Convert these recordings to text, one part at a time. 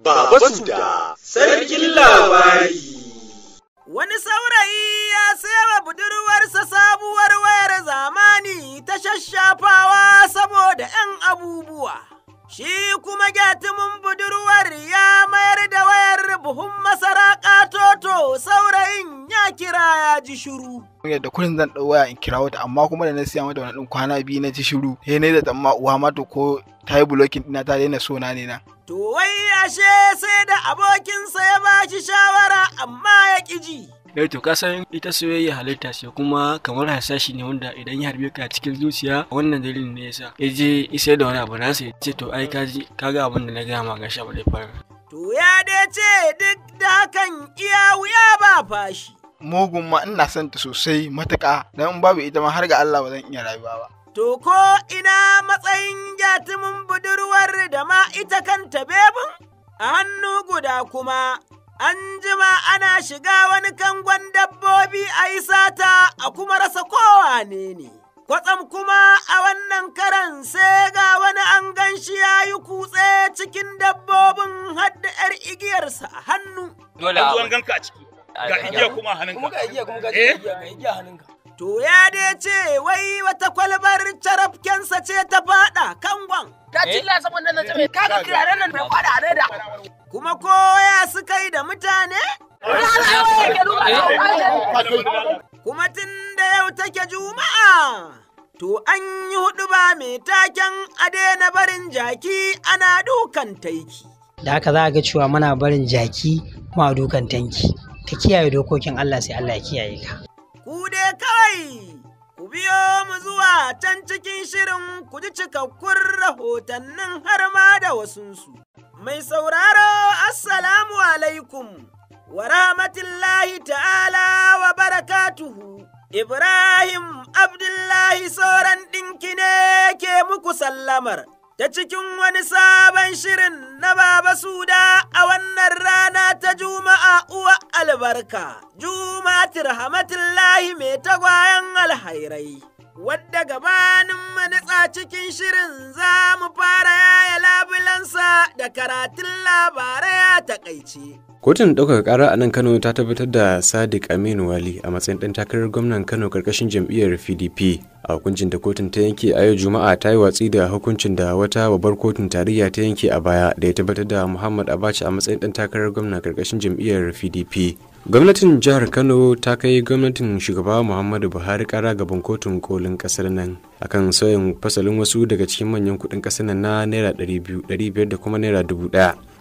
Baba Suda, sarkin labari. Wani saurayi ya sayawa budurwarsa sabuwar wayar zamani ta shashafawa saboda ‘yan abubuwa. Shi kuma gyatumin budurwar ya mayar da wayar buhun masara katoto saurayin ya kira ya ji shiru. yadda kudin zan ɗau waya in kira wata amma kuma da na siya mata wani ɗin kwana biyu na ji shiru he ne da tamma uwa ko ta yi bulokin ɗina ta daina so na ne na. To wai ashe sai da abokinsa ya ba shi shawara amma ya ƙi eh to ka san ita soyayya halitta ce kuma kamar hasashi ne wanda idan ya harbe ka cikin zuciya wannan dalilin ne yasa ya je isai da wani abu na sai ce to ai ka ji ga abin da na gaya ga sha ba fara to ya dai ce duk da hakan iya wuya ba fashi mugun ma ina son ta sosai matuƙa in babu ita ma har ga Allah ba zan iya rayuwa ba to ko ina matsayin jatumin budurwar da ma ita kanta bebin a hannu guda kuma An jima ana shiga wani kangon dabbobi a yi sata a kuma rasa kowa ne ne. Kwatsam kuma a wannan karan sai ga wani an gan shi ya yi kutse cikin dabbobin hadda 'yar igiyarsa a hannu. Dole a ciki. Ga igiya kuma hannunka. Kuma ga igiya kuma ga eh? igiya hannunka. To ya dai ce wai wata kwalbar carafkensa ce ta faɗa kangon. Ta ci lasa nan tsaye kaga kiraren nan mai kwada a da. Kuma ko ya suka yi da mutane? Kuma tun da yau take juma'a. To an yi hudu ba mai taken ade na barin jaki ana dukan taiki. Da haka za ga cewa muna barin jaki ma dukan tanki. Ka kiyaye dokokin Allah sai Allah ya kiyaye ka. ku dai kawai ku biyo mu zuwa can cikin shirin ku ji cikakkun rahotannin har ma da wasunsu. Mai sauraro Assalamu alaikum wa rahmatullahi ta'ala wa barakatuhu. Ibrahim Abdullahi sauran ɗinki ne ke muku sallamar. ta cikin wani sabon shirin na Baba Suda a wannan rana ta Juma'a uwa albarka, Juma Tirhamatullahi mai tagwayen alhairai. wadda gabanin manitsa cikin shirin za mu fara yaya labulansa da karatun labarai a takaice. Kotun ɗaukaka ƙara a nan Kano ta tabbatar da Sadiq Aminu Wali a matsayin ɗan takarar gwamnan Kano karkashin jam'iyyar PDP. A hukuncin da kotun ta yanke a yau Juma'a ta yi watsi da hukuncin da wata babbar kotun tarayya ta yanke a baya da ya tabbatar da Muhammad Abacha a matsayin ɗan takarar gwamnan karkashin jam'iyyar PDP. gwamnatin jihar kano ta kai gwamnatin shugaba muhammadu buhari kara gaban kotun kolin kasar nan akan sauyin fasalin wasu daga cikin manyan kudin kasar nan na naira 500 da kuma naira 1000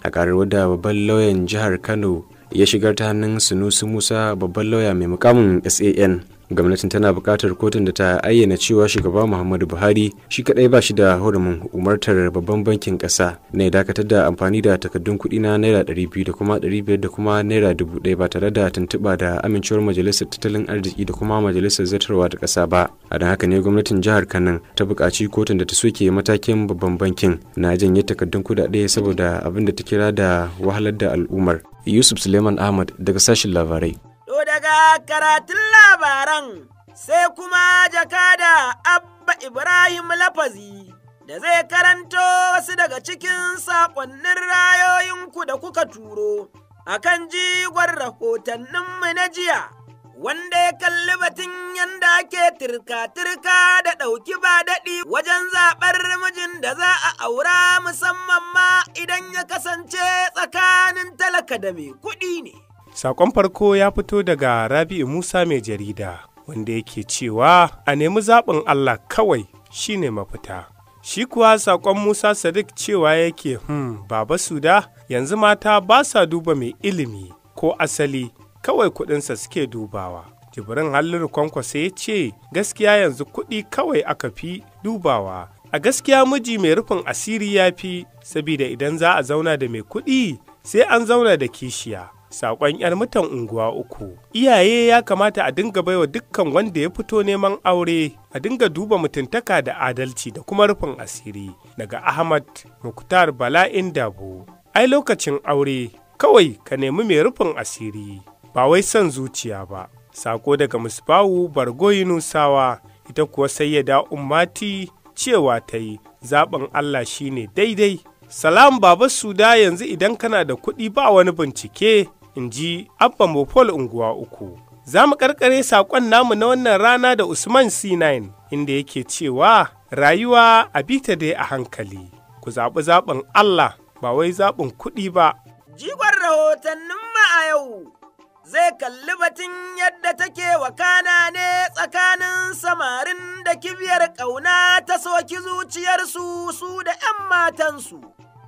a karar wadda babban lauyan jihar kano ya shigar ta hannun sunusu musa babban lauya mai mukamin san gwamnatin tana bukatar kotun da ta ayyana cewa shugaba muhammadu buhari shi kadai ba shi da hurumin umartar babban bankin ƙasa na ya dakatar da amfani da takardun kuɗi na naira 200 biyu da kuma ɗari da kuma naira dubu ɗaya ba tare da tuntuɓa da amincewar majalisar tattalin arziki da kuma majalisar zartarwa ta ƙasa ba a don haka ne gwamnatin jihar kano ta bukaci kotun da ta soke matakin babban bankin na janye takardun kuɗaɗe saboda abin da ta kira da wahalar da al'ummar yusuf suleiman ahmad daga sashin labarai To daga karatun labaran sai kuma jakada Abba Ibrahim Lafazi da zai karanto wasu daga cikin saƙonnin rayoyinku da kuka turo a kan jigon rahotanninmu na jiya. Wanda ya kalli batun yadda ake turka-turka da ɗauki ba daɗi wajen zaɓar mijin da za a aura musamman ma idan ya kasance tsakanin talaka da mai kuɗi ne. Sakon farko ya fito daga Rabi'u Musa mai jarida wanda yake cewa a nemi zaɓin Allah kawai shine mafita. Shi kuwa sakon Musa Sadiq cewa yake hmm baba suda yanzu mata ba sa duba mai ilimi ko asali kawai kuɗinsa suke dubawa. Jibrin hallin kwankwasa ya ce gaskiya yanzu kuɗi kawai aka fi dubawa. A gaskiya miji mai rufin asiri ya fi, sabida idan za a zauna da mai kuɗi sai an zauna da kishiya. Saƙon 'yar mutan unguwa uku. Iyaye ya kamata a dinga baiwa dukkan wanda ya fito neman aure a dinga duba mutuntaka da adalci da kuma rufin asiri daga Ahmad Muktar Bala'in Dabo. Ai lokacin aure kawai ka nemi mai rufin asiri ba wai son zuciya ba. Sako daga Musbawu Bargoyi Nusawa. ita kuwa sai ya sayyada ummati cewa ta yi zaɓin Allah shine daidai. Salam Baba Suda yanzu idan kana da kuɗi ba wani bincike in ji Abba Mopol unguwa uku. Za mu karkare saƙon namu na wannan rana da Usman C9 inda yake cewa rayuwa a bita dai a hankali, ku zaɓi zaɓin Allah ba wai zaɓin kuɗi ba. Jigon rahotannin ma a yau zai kalli batun yadda take wakana ne tsakanin samarin da kibiyar ƙauna ta soki zuciyarsu su da 'yan matansu.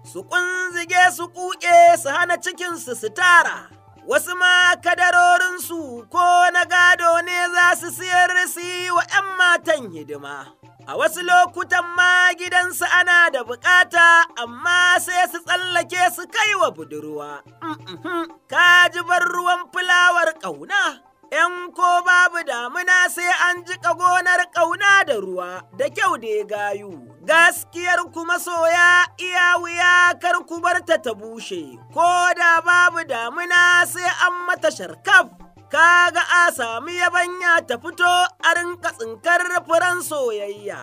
su kunzige su kuke su hana cikinsu su tara wasu ma kadarorinsu ko na gado ne za su siyar su yi wa 'yan matan hidima. A wasu lokutan ma gidansu ana da bukata amma sai su tsallake su kai wa budurwa. Ka ji bar ruwan fulawar ƙauna. ‘Yan ko babu damuna sai an jiƙa gonar ƙauna da ruwa da kyau da gayu. gaskiyar kuma soya iya wuya kar ku barta ta bushe, ko da babu damuna sai an mata sharkaf. Kaga a sami yabanya ta fito a rinka tsinkar furen soyayya,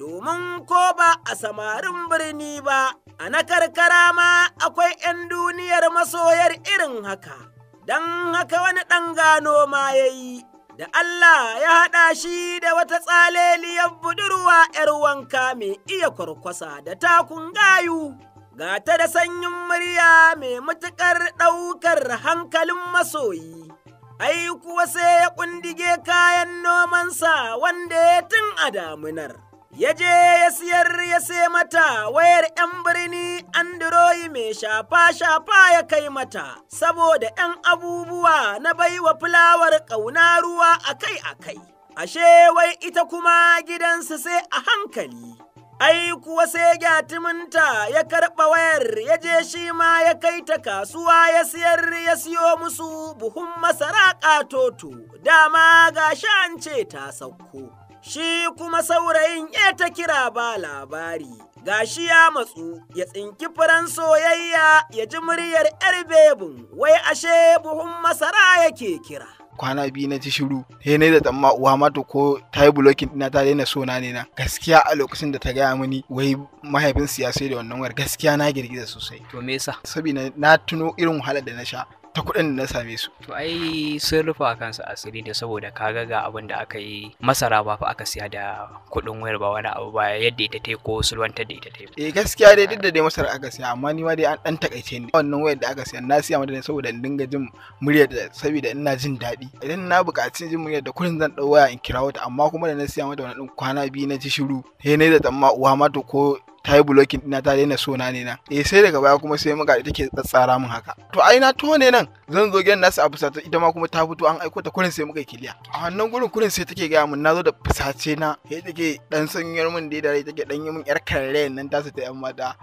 domin ko ba a samarin birni ba, a na karkara ma akwai ‘yan duniyar masoyar irin haka, don haka wani ɗan gano ma ya yi. da Allah ya haɗa shi da wata tsaleliyar budurwa ‘yar wanka mai iya kwarkwasa da takun gayu, ga ta da sanyin murya mai matuƙar ɗaukar hankalin masoyi. Ai kuwa sai ya ƙundige kayan nomansa wanda ya tun a damunar, ya je ya siyar mata wayar 'yan birni andiroyi mai shafa-shafa ya kai mata, saboda 'yan abubuwa na baiwa fulawar ƙauna ruwa akai-akai. Ashe wai ita kuma gidansu sai a hankali. Ai kuwa sai gyatuminta ya karɓa wayar ya je shi ma ya kai ta kasuwa ya siyar ya siyo musu buhun masara ƙatoto, dama ga shance ta sauko. shi kuma saurayin ya ta kira ba labari. gashi ya matsu ya tsinki furen soyayya ya ji muryar yar bebin wai ashe buhun masara yake kira kwana biyu na ji shiru sai yi da tsamma uwa ma ko ta yi bulokin ɗina ta daina sona ne na gaskiya a lokacin da ta gaya mini wai mahaifin siyasai da wannan wayar gaskiya na girgiza sosai to me yasa saboda na tuno irin wahalar da na sha ta kuɗin da na same su. To ai sun rufa kansu asiri da saboda kaga ga abin da aka yi masara ba fa aka siya da kuɗin wayar ba wani abu ba yadda ita ta ko sulwantar da ita ta. Eh gaskiya dai duk da dai masara aka siya amma ni ma dai an dan takaice ni. Wannan wayar da aka siya na siya mata ne saboda in dinga jin muryar da saboda ina jin daɗi. Idan na buƙaci jin muryar da kullum zan ɗau waya in kira wata, amma kuma da na siya mata wani ɗin kwana biyu na ji shiru. Sai na da tsamma uwa ma to ko ta yi blocking dina ta daina sona ne na eh sai daga baya kuma sai muka take tsatsara mun haka to ai na tone nan zan zo gidan nasu a fusata ita ma kuma ta fito an aiko ta kurin sai muka kiliya a wannan gurin kurin sai take gaya mun na zo da fusace na sai take dan sanyar mun da rai take dan yi min yar karre nan ta su ta yan mata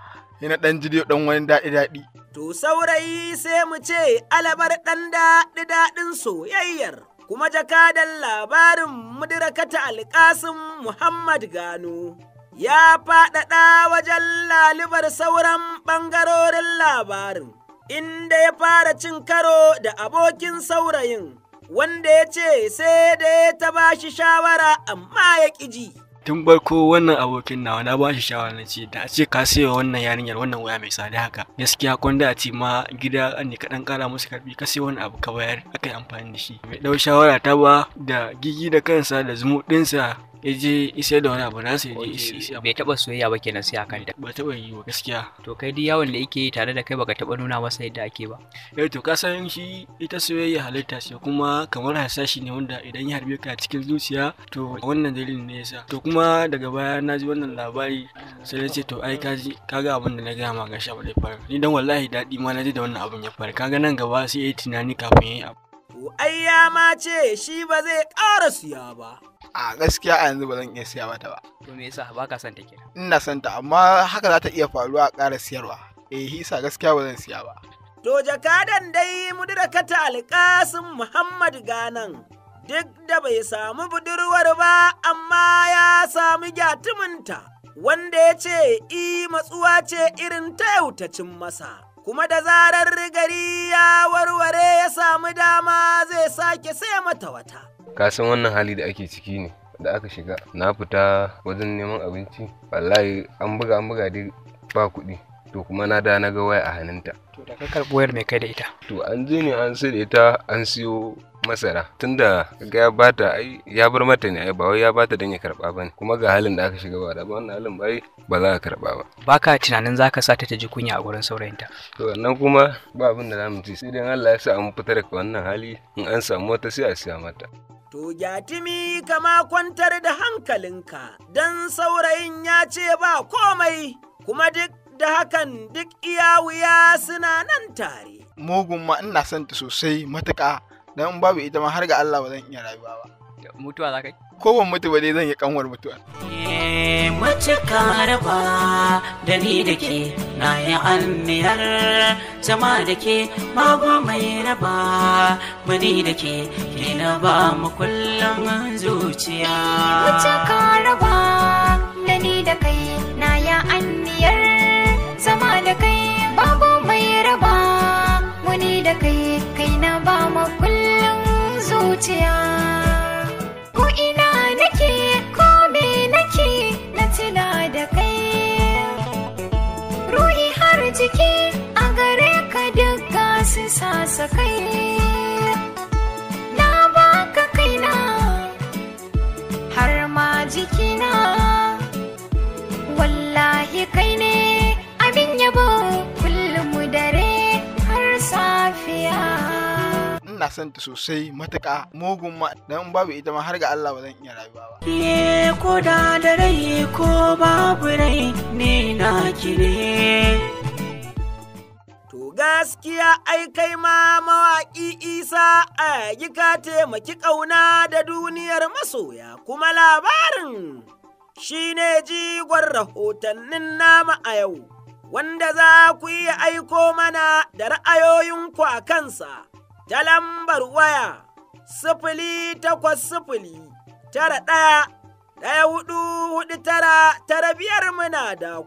yana dan jidiyo dan wani daɗi daɗi to saurayi sai mu ce alabar dan daɗi daɗin soyayyar kuma jakadan labarin mudirakata alkasin muhammad gano ya faɗaɗa wajen lalibar sauran ɓangarorin labarin, inda ya fara cin karo da abokin saurayin, wanda ya ce sai da ya ta ba shi shawara amma ya ƙiji. Tun barko wannan abokin nawa na ba shi shawara na ce da a ce ka sayo wannan yarinyar wannan waya mai tsada haka gaskiya kwanda a ce ma gida an ne kaɗan ƙara musu karɓi ka sayo wani abu ka bayar aka yi amfani da shi mai ɗau shawara ta ba da gigi da kansa da zumuɗinsa ya je isa da wani abu nasa ya je isa bai taba soyayya ba kenan sai akan da ba taba yi ba gaskiya to kai dai yawon da yake yi tare da kai baka taba nuna masa yadda ake ba eh to ka san shi ita soyayya halitta ce kuma kamar hasashi ne wanda idan ya harbe ka cikin zuciya to wannan dalilin ne yasa to kuma daga baya na ji wannan labari sai ce to ai ka ji kaga abin da na gaya ma ga sha bai fara ni dan wallahi daɗi ma na ji da wannan abin ya fara kaga nan gaba sai yayi tunani kafin yayi abu ai ya ma ce shi ba zai ƙara siya ba a gaskiya a yanzu ba zan iya siya mata ba to me yasa ba ka son ta kenan ina son ta amma haka za ta iya faruwa a ƙara siyarwa eh hisa gaskiya ba zan siya ba to jakadan dai mudirakata alƙasim muhammad ganan duk da bai samu budurwar ba amma ya samu gyatuminta wanda ya ce i matsuwa ce irin ta yautacin masa kuma da zarar gari ya warware ya samu dama zai sake sai mata wata ka san wannan hali da ake ciki ne da aka shiga na fita wajen neman abinci wallahi an buga an buga dai ba kuɗi to kuma na da na ga waya a hannunta to da ka karɓi wayar mai kai da ita to an je ne an sai da ita an siyo masara tunda ga ya bata ai ya bar mata ne ai ba wai ya bata dan ya karba bane kuma ga halin da aka shiga ba da wannan halin bai ba za ka karba ba baka tunanin zaka sata ta ji kunya a gurin saurayinta to wannan kuma ba abin da zamu ci sai dan Allah ya sa an fita daga wannan hali in an samu wata sai a siya mata To gyatimi kama kwantar da hankalinka, don saurayin ya ce ba komai, kuma duk da hakan duk iya wuya suna nan tare. Mugun ma ina son ta sosai matuƙa, don babu ita ma har ga Allah ba zan iya rayuwa ba. Mutuwa za kai? ko ban mutu ba dai zan yi kanwar mutuwa. Eh, mace ka da ni da ke na yi almiyar zama da ke babu mai raba mani da ke ke na ba mu kullum zuciya. Mace ka da ni da kai na yi almiyar zama da kai babu mai raba mani da kai kai na ba mu kullum zuciya. rasa kai na baka kaina har ma jikina wallahi kai ne abin yabo kullum dare har safiya ina son ta sosai matuƙa mugun ma dan babu ita ma har ga Allah ba zan iya rayuwa ba ye ko da da rai ko babu rai ne na kire gaskiya ai kai ma mawaƙi isa a yi ka taimaki ƙauna da duniyar masoya kuma labarin shi ne jigon rahotannin nama a yau wanda za ku iya aiko mana da ra'ayoyinku a kansa ta lambar waya sifili takwas sifili tara ɗaya ɗaya hudu hudu tara tara biyar muna da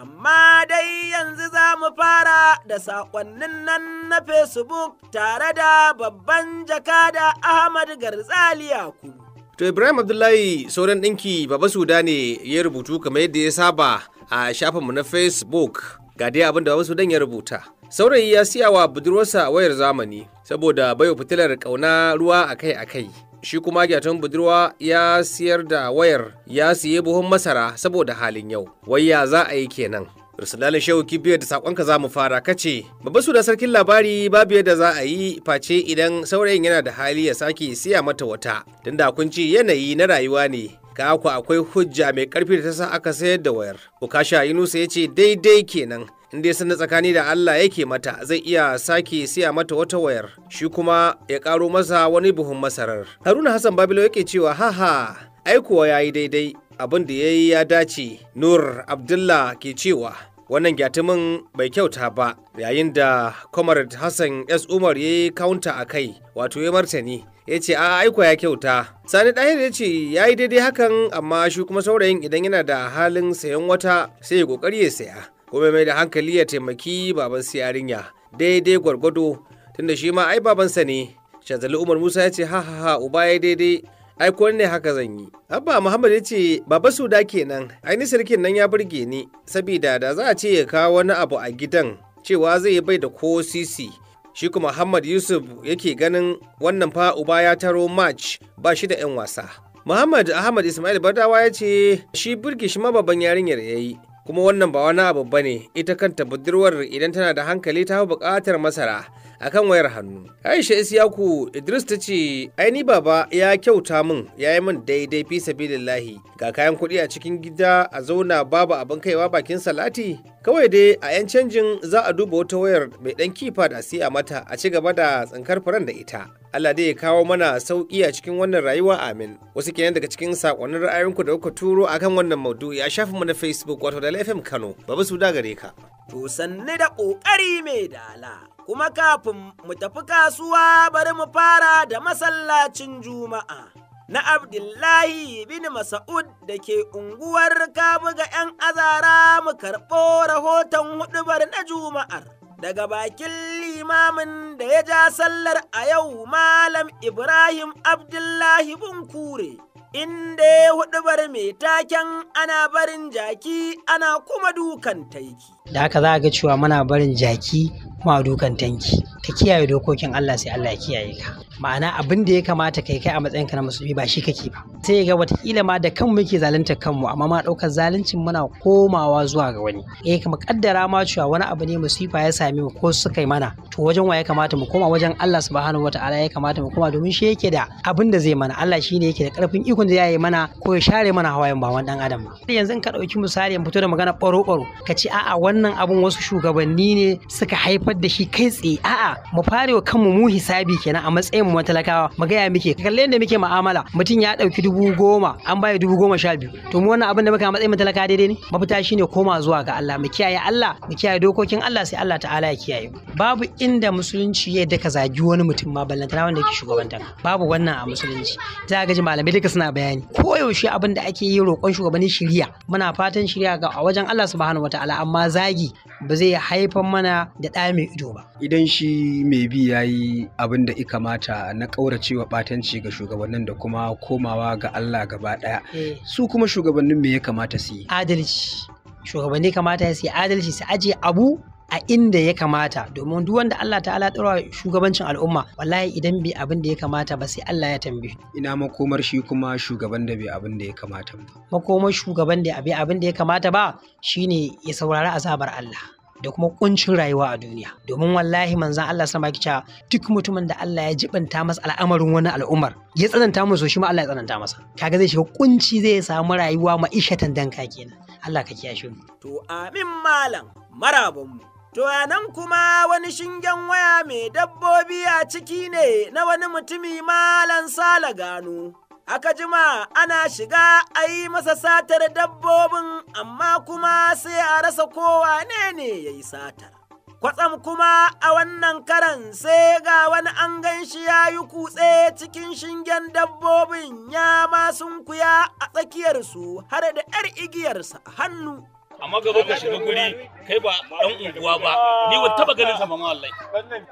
amma dai yanzu za mu fara da saƙonnin nan na Facebook tare da babban jakada Ahmad Garzali Yakubu. To Ibrahim Abdullahi sauran ɗinki Baba Suda ne ya rubutu kamar yadda ya saba a shafinmu na Facebook ga dai abin da Baba Sudan ya rubuta. Saurayi ya siya wa budurwarsa wayar zamani saboda baiwa fitilar ƙauna ruwa akai-akai. shi kuma gyaton budurwa ya siyar da wayar ya siye buhun masara saboda halin yau wayya za a yi kenan Rusulali Shehu Kibiya da sakonka za mu fara kace babu su da sarkin labari babu yadda za a yi face idan saurayin yana da hali ya sake siya mata wata tunda kun ci yanayi na rayuwa ne ka ku akwai hujja mai karfi da ta sa aka sayar da wayar. Ukasha Yunusa ya ce daidai kenan in dai san tsakani da Allah yake mata zai iya sake siya mata wata wayar shi kuma ya karo masa wani buhun masarar haruna hassan babilo yake cewa haha aikuwa ya yi daidai abin da ya ya dace nur abdullah ke cewa wannan gyatumin bai kyauta ba yayin da comrade hassan s umar ya yi kaunta a kai wato ya martani ya ce a aiko ya kyauta sani ɗahir ya ce ya yi daidai hakan amma shi kuma saurayin idan yana da halin sayan wata sai ya ƙoƙari ya saya kuma mai da hankali ya taimaki baban su yarinya daidai gwargwado tunda shi ma ai babansa ne shazali umar musa ya ce ha ha ha uba ya daidai ai kuwa ne haka zan yi abba muhammad ya ce baba su da kenan aini sarkin nan ya burge ni sabida da za a ce ya kawo wani abu a gidan cewa zai yi bai da ko sisi shi kuma Muhammad Yusuf yake ganin wannan fa uba ya taro march ba shi da 'yan wasa. Muhammad Ahmad Ismail badawa ya ce shi burge shi ma babban yarinyar ya yi kuma wannan ba wani abu bane ita kanta budurwar idan tana da hankali ta bukatar masara akan wayar hannu. Aisha Isiyaku Idris ta ce aini baba ya kyauta min ya yi min daidai fi sabilillahi ga kayan kuɗi a cikin gida a zauna babu abin kaiwa bakin salati. Kawai dai a 'yan canjin za a duba wata wayar mai ɗan kifa da a mata a ci gaba da tsankar furen da ita. Allah dai ya kawo mana sauƙi a cikin wannan rayuwa amin. Wasu kenan daga cikin sakonnin ra'ayoyinku da kuka turo akan wannan maudu ya a mu na Facebook wato da FM Kano. Baba su da gare ka. To sanni da ƙoƙari mai dala. kuma kafin mu tafi kasuwa bari mu fara da masallacin juma'a na abdullahi bin masa'ud da ke unguwar kabuga 'yan azara mu karɓo rahoton huɗubar na juma'ar daga bakin limamin da ya ja sallar a yau malam ibrahim abdullahi bunkure inda ya huɗubar mai taken ana barin jaki ana kuma dukan taiki da aka za ga cewa muna barin jaki ma dukan tanki ka kiyaye dokokin Allah sai Allah ya kiyaye ka ma'ana abin da ya kamata kai kai a matsayin ka na musulmi ba shi kake ba sai ga watakila ma da kanmu yake zalunta kanmu amma ma ɗaukar zaluncin muna komawa zuwa ga wani eh kama kaddara ma cewa wani abu ne musifa ya sami mu ko suka yi mana to wajen wa ya kamata mu koma wajen Allah subhanahu wataala ya kamata mu koma domin shi yake da abin da zai mana Allah shine yake da karfin ikon da ya yi mana ko ya share mana hawayen ba wani dan adam ba yanzu ka ɗauki misali in fito da magana baro baro ka ce a'a wannan abun wasu shugabanni ne suka haifar da shi kai tsaye a'a mu fare wa kanmu mu hisabi kenan a matsayin mu talakawa mu gaya muke kalle yadda muke mu'amala mutum ya dauki dubu goma an baya dubu goma sha biyu to mu wannan abin da muka a matsayin mu talaka daidai ne mafita shine koma zuwa ga Allah mu kiyaye Allah mu kiyaye dokokin Allah sai Allah ta'ala ya kiyaye babu inda musulunci ya daka zagi wani mutum ma ballantana wanda yake shugabantar babu wannan a musulunci za ga ji malamai duka suna bayani Ko yaushe abin da ake yi roƙon shugabanni shiriya, muna fatan shiriya ga a wajen Allah subhanahu wataala amma zagi ba zai haifar mana da ɗa mai ido ba idan shi mai bi ya yi abin da kamata na ƙauracewa ɓatanci ga shugabannin da kuma komawa ga Allah gaba ɗaya eh. su kuma shugabannin me ya kamata su yi adalci shugabanni kamata su yi adalci su ajiye abu a inda ya kamata domin duk wanda Allah ala ɗora shugabancin al'umma wallahi idan bai abin da ya kamata ba sai Allah ya tambaye ina makomar shi kuma shugaban da bai abin da ya kamata ba makomar shugaban da bai abin da ya kamata ba shine ya saurari azabar Allah da kuma kuncin rayuwa a duniya domin wallahi manzan Allah sama kica duk mutumin da Allah ya jibanta masa al'amarin wani al'ummar ya tsananta masa shi ma Allah ya tsananta masa kaga zai shiga kunci zai samu rayuwa ma'ishatan danka kenan Allah ka kiyashe mu to amin malam marabon mu To a nan kuma wani shingen waya mai dabbobi a ciki ne na wani mutumi malan sala gano. Aka jima ana shiga a yi masa satar dabbobin amma kuma sai a rasa kowa ne ne ya yi satar. Kwatsam kuma a wannan karan sai ga wani an gan shi ya yi kutse cikin shingen dabbobin ya masun kuya a tsakiyarsu har da 'yar igiyarsa a hannu. amma gaba ka shiga guri kai ba dan unguwa ba ni ban taba ganin sa ba wallahi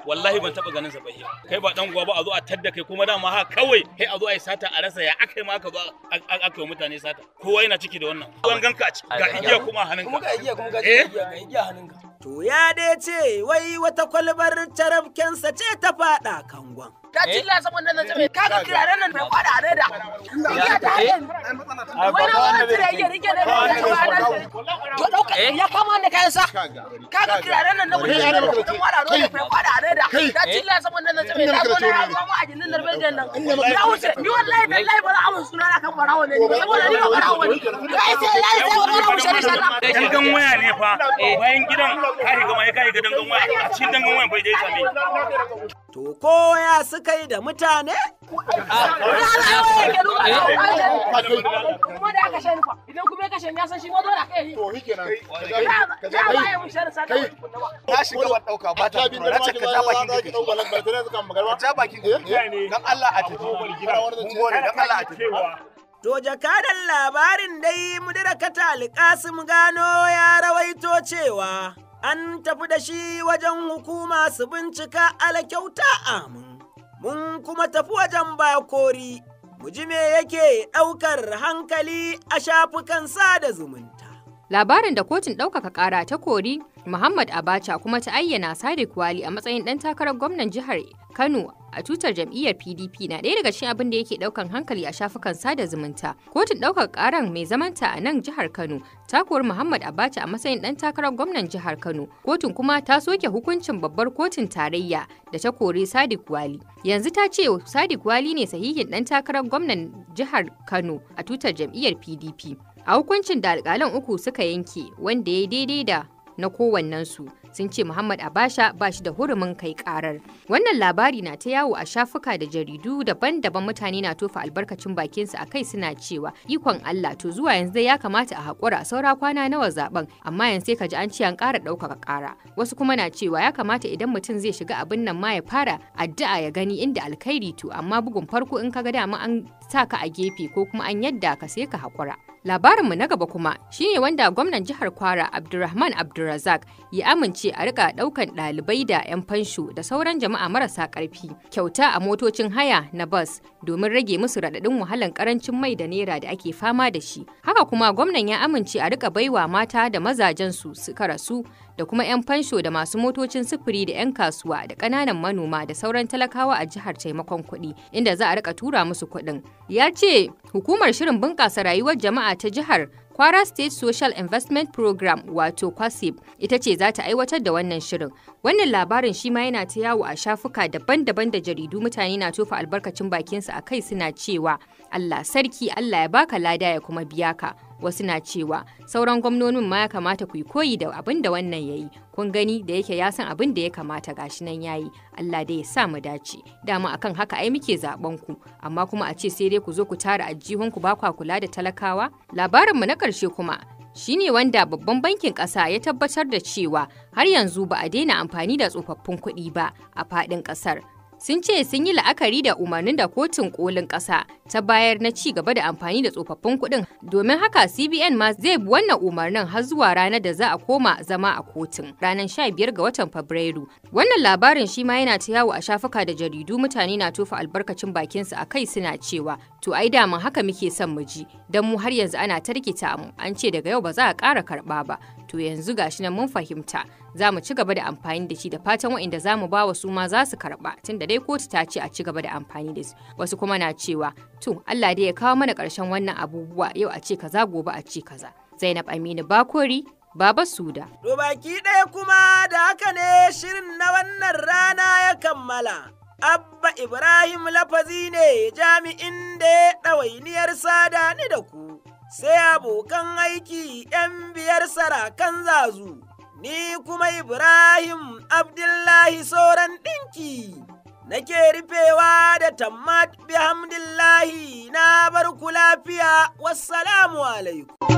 wallahi ban taba ganin sa ba kai ba dan unguwa ba a zo a tadda kai kuma dama ha kawai kai a zo a yi sata a rasa ya akai ma aka zo aka yi mutane sata kowa yana ciki da wannan an ganka a ciki ga igiya kuma hannunka kuma ga igiya kuma ga igiya hannunka To ya dai ce wai wata kwalbar tarafkensa ce ta faɗa kangon. Ta ci la saman nan zai kaga kirare nan bai kwada a reda. Ya eh? ta hayan. Wai na wani tire yake rike da ya ta ba nan. To dauka ya kama da kayan sa. Kaga kirare nan na wani ne bai kwada reda bai kwada a reda. Ta ci la saman nan zai ta zo na rawa a jinin nan bai nan. Ya wuce ni wallahi billahi mun suna akan ne saboda dangan waya ne fa bayan gidan ka shiga mai ka shiga dangan waya a cikin dangan waya bai je same to ko ya suka yi da mutane To jakadan labarin dai mudira kata alƙasim gano ya rawaito cewa an tafi da shi wajen hukuma su bincika alakyauta amin. mun kuma tafi wajen ba kori mu ji me yake ɗaukar hankali a shafukan sada zumunta. labarin da kotun ɗaukaka ƙara ta kori muhammad abacha kuma ta ayyana sadiq wali a matsayin ɗan takarar gwamnan jihar kano a tutar jam'iyyar pdp na ɗaya daga cikin abin da yake ɗaukan hankali a shafukan sada zumunta kotun ɗaukaka ƙaran mai zamanta a nan jihar kano ta kori muhammad abacha a matsayin ɗan takarar gwamnan jihar kano kotun kuma ta soke hukuncin babbar kotun tarayya da ta kori sadiq wali yanzu ta ce sadiq wali ne sahihin ɗan takarar gwamnan jihar kano a tutar jam'iyyar pdp a hukuncin da alƙalan uku suka yanke wanda ya daidai da na su sun ce Muhammad Abasha ba shi da hurumin kai karar. Wannan labari na ta yawo a shafuka da jaridu daban-daban mutane na tofa albarkacin bakinsu a kai suna cewa ikon Allah to zuwa yanzu ya kamata a haƙura saura kwana nawa zaben amma yanzu sai ka ji an ce an ƙara ɗaukaka ƙara. Wasu kuma na cewa ya kamata idan mutum zai shiga abin nan ma ya fara addu'a ya gani inda alkhairi to amma bugun farko in ka ga dama an sa ka a gefe ko kuma an yadda ka sai ka haƙura. Labarinmu na gaba kuma shine wanda gwamnan jihar Kwara Abdurrahman Abdulrazak ya amince a rika daukan ɗalibai da 'yan fanshu da sauran jama'a marasa karfi kyauta a motocin haya na bas domin rage musu raɗaɗin wahalan ƙarancin mai da naira da ake fama da shi. Haka kuma gwamnan ya amince a rika baiwa mata da mazajen su suka rasu da kuma 'yan fansho da masu motocin sufuri da 'yan kasuwa da ƙananan manoma da sauran talakawa a jihar taimakon kuɗi inda za a rika tura musu kuɗin. Ya ce hukumar shirin bunƙasa rayuwar jama'a ta jihar Kwara State Social Investment Program wato kwasib ita ce za ta aiwatar da wannan shirin. Wannan labarin shi ma yana ta yawo a shafuka daban-daban da jaridu mutane na tofa albarkacin bakinsu a kai suna cewa Allah sarki Allah ya baka lada ya kuma biya ka. wasu na cewa sauran gwamnonin ma ya kamata ku yi koyi da abin da wannan ya yi kun gani da yake ya san abin da ya kamata gashi nan ya yi Allah dai ya sa mu dace dama akan haka ai muke zaben ku amma kuma a ce sai dai ku zo ku tara ajihun ku bakwa kula da talakawa labarin mu na ƙarshe kuma Shi ne wanda babban bankin ƙasa ya tabbatar da cewa har yanzu ba a daina amfani da tsofaffin kuɗi ba a faɗin ƙasar sun ce sun yi la'akari da umarnin da kotun kolin ƙasa ta bayar na ci gaba da amfani da tsofaffin kuɗin domin haka cbn ma zai bi wannan umarnin har zuwa ranar da za a koma zama a kotun ranar 15 ga watan fabrairu wannan labarin shi ma yana ta yawo a shafuka da jaridu mutane na tofa albarkacin bakinsu a kai suna cewa to ai da mun haka muke son mu ji don mu har yanzu ana tarkita mu an ce daga yau ba za a ƙara karɓa ba to yanzu gashi nan mun fahimta za mu ci gaba da amfani da shi da fatan wa'inda za mu ba wa su ma za su karɓa tunda dai kotu ta ce a ci gaba da amfani da su wasu kuma na cewa to Allah dai ya kawo mana karshen wannan abubuwa yau a ce kaza gobe a ce kaza Zainab Aminu Bakori Baba Suda. To baki ɗaya kuma da haka ne shirin na wannan rana ya kammala. Abba Ibrahim lafazi ne jami'in da ya ɗawainiyar sada ni da ku. sai abokan aiki 'yan biyar sarakan zazu, ni kuma Ibrahim Abdullahi sauran ɗinki. Nake rufewa da tammat 'Hamdullahi, na bar ku lafiya, wassalamu alaikum.